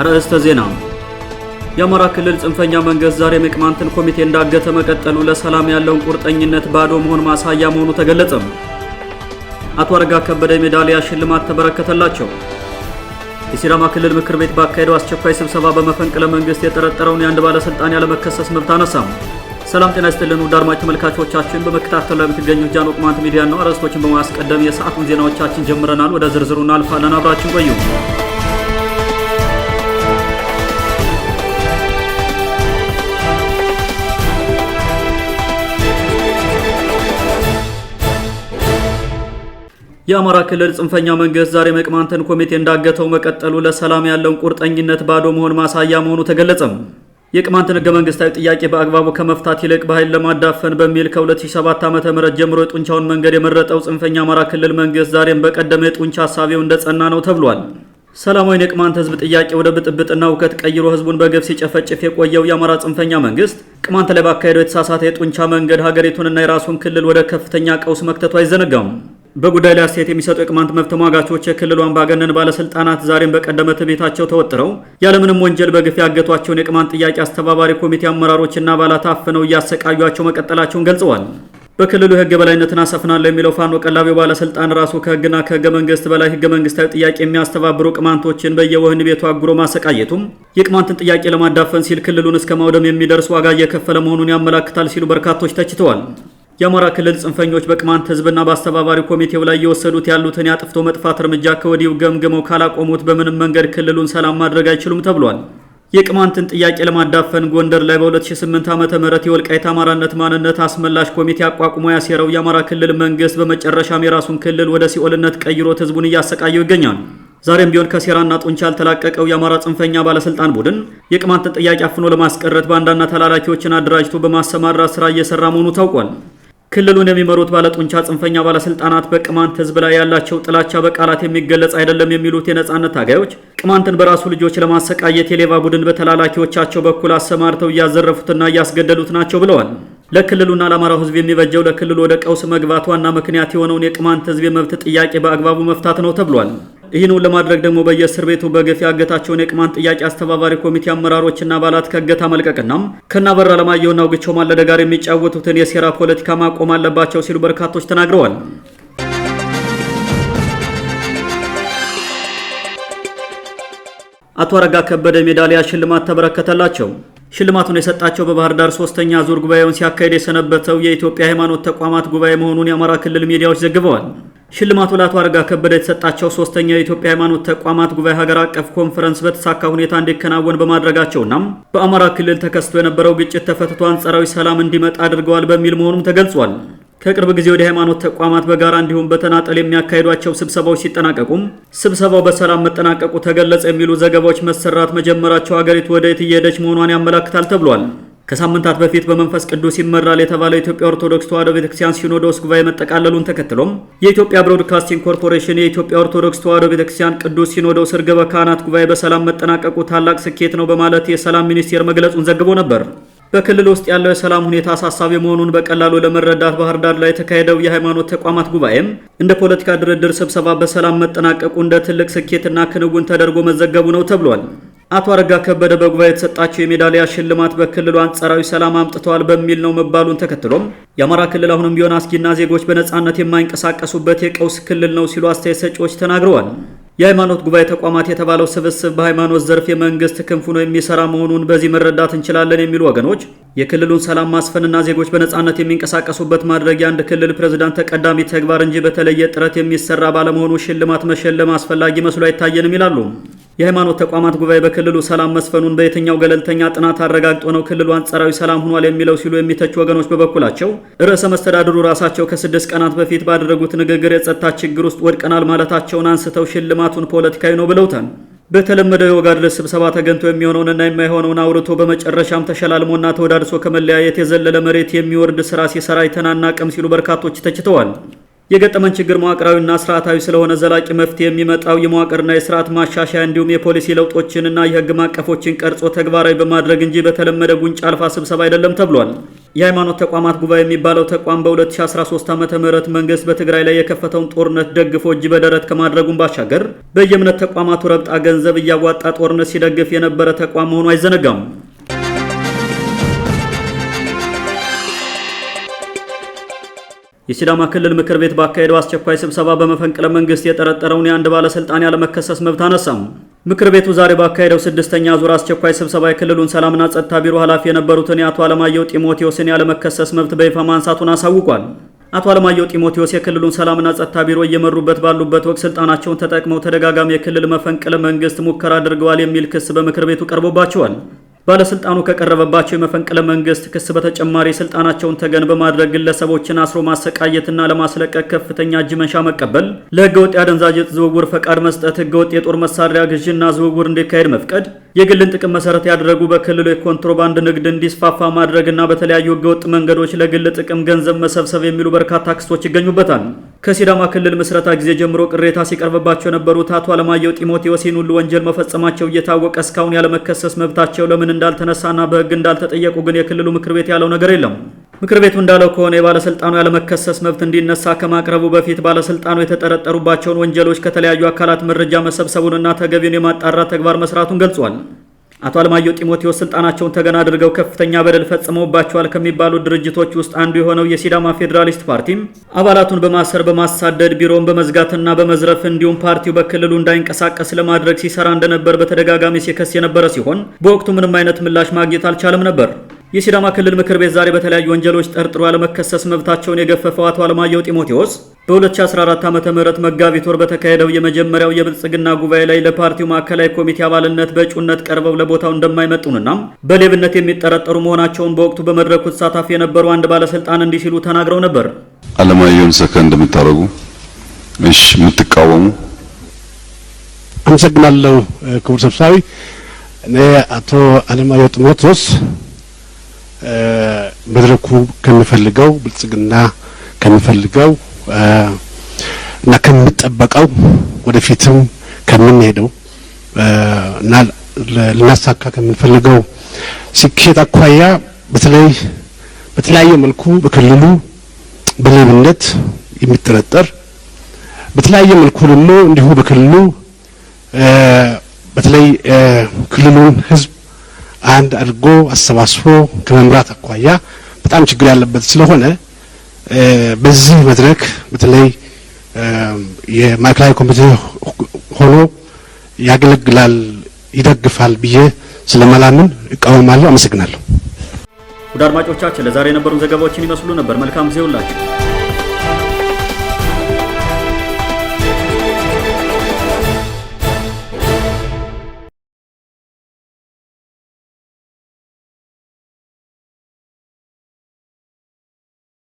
አርዕስተ ዜና። የአማራ ክልል ጽንፈኛ መንግስት ዛሬ መቅማንትን ኮሚቴ እንዳገተ መቀጠሉ ለሰላም ያለውን ቁርጠኝነት ባዶ መሆን ማሳያ መሆኑ ተገለጸም። አቶ አረጋ ከበደ የሜዳሊያ ሽልማት ተበረከተላቸው። የሲዳማ ክልል ምክር ቤት ባካሄደው አስቸኳይ ስብሰባ በመፈንቅለ መንግስት የጠረጠረውን የአንድ ባለስልጣን ያለመከሰስ መብት አነሳም። ሰላም ጤና ይስጥልን ውድ አድማጭ ተመልካቾቻችን፣ በመከታተል ላይ የምትገኙት ጃኖ ቅማንት ሚዲያ ነው። አርዕስቶችን በማስቀደም የሰዓቱን ዜናዎቻችን ጀምረናል። ወደ ዝርዝሩ እናልፋለን። አብራችን ቆዩ። የአማራ ክልል ጽንፈኛ መንግስት ዛሬ መቅማንተን ኮሚቴ እንዳገተው መቀጠሉ ለሰላም ያለውን ቁርጠኝነት ባዶ መሆን ማሳያ መሆኑ ተገለጸም። የቅማንትን ህገ መንግስታዊ ጥያቄ በአግባቡ ከመፍታት ይልቅ በኃይል ለማዳፈን በሚል ከ2007 ዓ ም ጀምሮ የጡንቻውን መንገድ የመረጠው ጽንፈኛ አማራ ክልል መንግስት ዛሬም በቀደመ የጡንቻ ሀሳቢው እንደጸና ነው ተብሏል። ሰላማዊን የቅማንት ህዝብ ጥያቄ ወደ ብጥብጥና እውከት ቀይሮ ህዝቡን በግፍ ሲጨፈጭፍ የቆየው የአማራ ጽንፈኛ መንግስት ቅማንት ላይ ባካሄደው የተሳሳተ የጡንቻ መንገድ ሀገሪቱንና የራሱን ክልል ወደ ከፍተኛ ቀውስ መክተቱ አይዘነጋም። በጉዳይ ላይ አስተያየት የሚሰጡ የቅማንት መብት ተሟጋቾች የክልሉ አምባገነን ባለስልጣናት ዛሬም በቀደመት ቤታቸው ተወጥረው ያለምንም ወንጀል በግፍ ያገቷቸውን የቅማንት ጥያቄ አስተባባሪ ኮሚቴ አመራሮችና አባላት አፍነው እያሰቃዩቸው መቀጠላቸውን ገልጸዋል። በክልሉ የህግ በላይነትን አሰፍናለሁ የሚለው ፋኖ ቀላቢው ባለስልጣን ራሱ ከህግና ከህገ መንግስት በላይ ህገ መንግስታዊ ጥያቄ የሚያስተባብሩ ቅማንቶችን በየወህኒ ቤቱ አጉሮ ማሰቃየቱም የቅማንትን ጥያቄ ለማዳፈን ሲል ክልሉን እስከ ማውደም የሚደርስ ዋጋ እየከፈለ መሆኑን ያመላክታል ሲሉ በርካቶች ተችተዋል። የአማራ ክልል ጽንፈኞች በቅማንት ህዝብና በአስተባባሪ ኮሚቴው ላይ የወሰዱት ያሉትን የአጥፍቶ መጥፋት እርምጃ ከወዲሁ ገምግመው ካላቆሙት በምንም መንገድ ክልሉን ሰላም ማድረግ አይችሉም ተብሏል። የቅማንትን ጥያቄ ለማዳፈን ጎንደር ላይ በ2008 ም የወልቃይት አማራነት ማንነት አስመላሽ ኮሚቴ አቋቁሞ ያሴረው የአማራ ክልል መንግስት በመጨረሻም የራሱን ክልል ወደ ሲኦልነት ቀይሮት ህዝቡን እያሰቃየው ይገኛል። ዛሬም ቢሆን ከሴራና ጡንቻ ያልተላቀቀው የአማራ ጽንፈኛ ባለስልጣን ቡድን የቅማንትን ጥያቄ አፍኖ ለማስቀረት ባንዳና ተላላኪዎችን አደራጅቶ በማሰማራት ስራ እየሰራ መሆኑ ታውቋል። ክልሉን የሚመሩት ባለጡንቻ ጽንፈኛ ባለስልጣናት በቅማንት ህዝብ ላይ ያላቸው ጥላቻ በቃላት የሚገለጽ አይደለም የሚሉት የነጻነት ታጋዮች ቅማንትን በራሱ ልጆች ለማሰቃየት የሌባ ቡድን በተላላኪዎቻቸው በኩል አሰማርተው እያዘረፉትና እያስገደሉት ናቸው ብለዋል። ለክልሉና ለአማራው ህዝብ የሚበጀው ለክልሉ ወደ ቀውስ መግባት ዋና ምክንያት የሆነውን የቅማንት ህዝብ የመብት ጥያቄ በአግባቡ መፍታት ነው ተብሏል። ይህንን ለማድረግ ደግሞ በየእስር ቤቱ በግፍ ያገታቸውን የቅማንት ጥያቄ አስተባባሪ ኮሚቴ አመራሮችና አባላት ከእገታ መልቀቅና ከናበራ ለማየሁና ውግቸው ማለደ ጋር የሚጫወቱትን የሴራ ፖለቲካ ማቆም አለባቸው ሲሉ በርካቶች ተናግረዋል። አቶ አረጋ ከበደ ሜዳሊያ ሽልማት ተበረከተላቸው። ሽልማቱን የሰጣቸው በባህር ዳር ሶስተኛ ዙር ጉባኤውን ሲያካሄድ የሰነበተው የኢትዮጵያ ሃይማኖት ተቋማት ጉባኤ መሆኑን የአማራ ክልል ሚዲያዎች ዘግበዋል። ሽልማቱ ለአቶ አረጋ ከበደ የተሰጣቸው ሶስተኛው የኢትዮጵያ ሃይማኖት ተቋማት ጉባኤ ሀገር አቀፍ ኮንፈረንስ በተሳካ ሁኔታ እንዲከናወን በማድረጋቸውና በአማራ ክልል ተከስቶ የነበረው ግጭት ተፈትቶ አንጻራዊ ሰላም እንዲመጣ አድርገዋል በሚል መሆኑም ተገልጿል። ከቅርብ ጊዜ ወደ ሃይማኖት ተቋማት በጋራ እንዲሁም በተናጠል የሚያካሂዷቸው ስብሰባዎች ሲጠናቀቁም ስብሰባው በሰላም መጠናቀቁ ተገለጸ የሚሉ ዘገባዎች መሰራት መጀመራቸው ሀገሪቱ ወደ የት እየሄደች መሆኗን ያመላክታል ተብሏል። ከሳምንታት በፊት በመንፈስ ቅዱስ ይመራል የተባለው ኢትዮጵያ ኦርቶዶክስ ተዋሕዶ ቤተክርስቲያን ሲኖዶስ ጉባኤ መጠቃለሉን ተከትሎም የኢትዮጵያ ብሮድካስቲንግ ኮርፖሬሽን የኢትዮጵያ ኦርቶዶክስ ተዋሕዶ ቤተክርስቲያን ቅዱስ ሲኖዶስ ርግበ ካህናት ጉባኤ በሰላም መጠናቀቁ ታላቅ ስኬት ነው በማለት የሰላም ሚኒስቴር መግለጹን ዘግቦ ነበር። በክልል ውስጥ ያለው የሰላም ሁኔታ አሳሳቢ መሆኑን በቀላሉ ለመረዳት ባህር ዳር ላይ የተካሄደው የሃይማኖት ተቋማት ጉባኤም እንደ ፖለቲካ ድርድር ስብሰባ በሰላም መጠናቀቁ እንደ ትልቅ ስኬትና ክንውን ተደርጎ መዘገቡ ነው ተብሏል። አቶ አረጋ ከበደ በጉባኤ የተሰጣቸው የሜዳሊያ ሽልማት በክልሉ አንጻራዊ ሰላም አምጥተዋል በሚል ነው መባሉን ተከትሎም የአማራ ክልል አሁንም ቢሆን አስጊና ዜጎች በነፃነት የማይንቀሳቀሱበት የቀውስ ክልል ነው ሲሉ አስተያየት ሰጪዎች ተናግረዋል። የሃይማኖት ጉባኤ ተቋማት የተባለው ስብስብ በሃይማኖት ዘርፍ የመንግስት ክንፍ ነው የሚሰራ መሆኑን በዚህ መረዳት እንችላለን የሚሉ ወገኖች የክልሉን ሰላም ማስፈንና ዜጎች በነጻነት የሚንቀሳቀሱበት ማድረግ የአንድ ክልል ፕሬዝዳንት ተቀዳሚ ተግባር እንጂ በተለየ ጥረት የሚሰራ ባለመሆኑ ሽልማት መሸለም አስፈላጊ መስሎ አይታየንም ይላሉ። የሃይማኖት ተቋማት ጉባኤ በክልሉ ሰላም መስፈኑን በየትኛው ገለልተኛ ጥናት አረጋግጦ ነው ክልሉ አንጻራዊ ሰላም ሆኗል የሚለው ሲሉ የሚተቹ ወገኖች በበኩላቸው ርዕሰ መስተዳድሩ ራሳቸው ከስድስት ቀናት በፊት ባደረጉት ንግግር የጸጥታ ችግር ውስጥ ወድቀናል ማለታቸውን አንስተው ሽልማቱን ፖለቲካዊ ነው ብለውታል። በተለመደው የወግ አድለስ ስብሰባ ተገንቶ የሚሆነውንና የማይሆነውን አውርቶ በመጨረሻም ተሸላልሞና ተወዳድሶ ከመለያየት የዘለለ መሬት የሚወርድ ስራ ሲሰራ አይተናናቅም ሲሉ በርካቶች ተችተዋል። የገጠመን ችግር መዋቅራዊና ስርዓታዊ ስለሆነ ዘላቂ መፍትሄ የሚመጣው የመዋቅርና የስርዓት ማሻሻያ እንዲሁም የፖሊሲ ለውጦችንና የህግ ማቀፎችን ቀርጾ ተግባራዊ በማድረግ እንጂ በተለመደ ጉንጭ አልፋ ስብሰባ አይደለም ተብሏል። የሃይማኖት ተቋማት ጉባኤ የሚባለው ተቋም በ2013 ዓ ም መንግስት በትግራይ ላይ የከፈተውን ጦርነት ደግፎ እጅ በደረት ከማድረጉን ባሻገር በየእምነት ተቋማቱ ረብጣ ገንዘብ እያዋጣ ጦርነት ሲደግፍ የነበረ ተቋም መሆኑ አይዘነጋም። የሲዳማ ክልል ምክር ቤት ባካሄደው አስቸኳይ ስብሰባ በመፈንቅለ መንግስት የጠረጠረውን የአንድ ባለስልጣን ያለመከሰስ መብት አነሳም። ምክር ቤቱ ዛሬ ባካሄደው ስድስተኛ ዙር አስቸኳይ ስብሰባ የክልሉን ሰላምና ጸጥታ ቢሮ ኃላፊ የነበሩትን የአቶ አለማየሁ ጢሞቴዎስን ያለመከሰስ መብት በይፋ ማንሳቱን አሳውቋል። አቶ አለማየሁ ጢሞቴዎስ የክልሉን ሰላምና ጸጥታ ቢሮ እየመሩበት ባሉበት ወቅት ስልጣናቸውን ተጠቅመው ተደጋጋሚ የክልል መፈንቅለ መንግስት ሙከራ አድርገዋል የሚል ክስ በምክር ቤቱ ቀርቦባቸዋል። ባለስልጣኑ ከቀረበባቸው የመፈንቅለ መንግስት ክስ በተጨማሪ ስልጣናቸውን ተገን በማድረግ ግለሰቦችን አስሮ ማሰቃየትና ለማስለቀቅ ከፍተኛ እጅ መንሻ መቀበል፣ ለህገወጥ የአደንዛዥ ዕፅ ዝውውር ፈቃድ መስጠት፣ ህገወጥ የጦር መሳሪያ ግዥና ዝውውር እንዲካሄድ መፍቀድ የግልን ጥቅም መሰረት ያደረጉ በክልሉ የኮንትሮባንድ ንግድ እንዲስፋፋ ማድረግና በተለያዩ ህገወጥ መንገዶች ለግል ጥቅም ገንዘብ መሰብሰብ የሚሉ በርካታ ክሶች ይገኙበታል። ከሲዳማ ክልል ምስረታ ጊዜ ጀምሮ ቅሬታ ሲቀርብባቸው የነበሩት አቶ አለማየሁ ጢሞቴዎስን ሁሉ ወንጀል መፈጸማቸው እየታወቀ እስካሁን ያለመከሰስ መብታቸው ለምን እንዳልተነሳና በህግ እንዳልተጠየቁ ግን የክልሉ ምክር ቤት ያለው ነገር የለም። ምክር ቤቱ እንዳለው ከሆነ የባለስልጣኑ ያለመከሰስ መብት እንዲነሳ ከማቅረቡ በፊት ባለስልጣኑ የተጠረጠሩባቸውን ወንጀሎች ከተለያዩ አካላት መረጃ መሰብሰቡንና ተገቢውን የማጣራት ተግባር መስራቱን ገልጿል። አቶ አለማየሁ ጢሞቴዎስ ስልጣናቸውን ተገና አድርገው ከፍተኛ በደል ፈጽመውባቸዋል ከሚባሉ ድርጅቶች ውስጥ አንዱ የሆነው የሲዳማ ፌዴራሊስት ፓርቲም አባላቱን በማሰር በማሳደድ ቢሮውን በመዝጋትና በመዝረፍ እንዲሁም ፓርቲው በክልሉ እንዳይንቀሳቀስ ለማድረግ ሲሰራ እንደነበር በተደጋጋሚ ሲከስ የነበረ ሲሆን በወቅቱ ምንም አይነት ምላሽ ማግኘት አልቻለም ነበር። የሲዳማ ክልል ምክር ቤት ዛሬ በተለያዩ ወንጀሎች ጠርጥሮ ያለመከሰስ መብታቸውን የገፈፈው አቶ አለማየሁ ጢሞቴዎስ በ2014 ዓ ም መጋቢት ወር በተካሄደው የመጀመሪያው የብልጽግና ጉባኤ ላይ ለፓርቲው ማዕከላዊ ኮሚቴ አባልነት በእጩነት ቀርበው ለቦታው እንደማይመጡንና በሌብነት የሚጠረጠሩ መሆናቸውን በወቅቱ በመድረኩ ተሳታፊ የነበሩ አንድ ባለስልጣን እንዲህ ሲሉ ተናግረው ነበር። አለማየሁን ሰከ እንደምታደረጉ እሺ፣ የምትቃወሙ አመሰግናለሁ። ክቡር ሰብሳቢ፣ እኔ አቶ አለማየሁ ጢሞቴዎስ መድረኩ ከምፈልገው ብልጽግና ከምፈልገው እና ከምንጠበቀው ወደፊትም ከምንሄደው እና ልናሳካ ከምንፈልገው ስኬት አኳያ በተለይ በተለያየ መልኩ በክልሉ በሌብነት የሚጠረጠር በተለያየ መልኩ ደግሞ እንዲሁ በክልሉ በተለይ ክልሉን ህዝብ። አንድ አድርጎ አሰባስቦ ከመምራት አኳያ በጣም ችግር ያለበት ስለሆነ በዚህ መድረክ በተለይ የማዕከላዊ ኮሚቴ ሆኖ ያገለግላል፣ ይደግፋል ብዬ ስለመላምን እቃወማለሁ። አመሰግናለሁ። ውድ አድማጮቻችን ለዛሬ የነበሩን ዘገባዎችን ይመስሉ ነበር። መልካም ጊዜ ሁላችሁ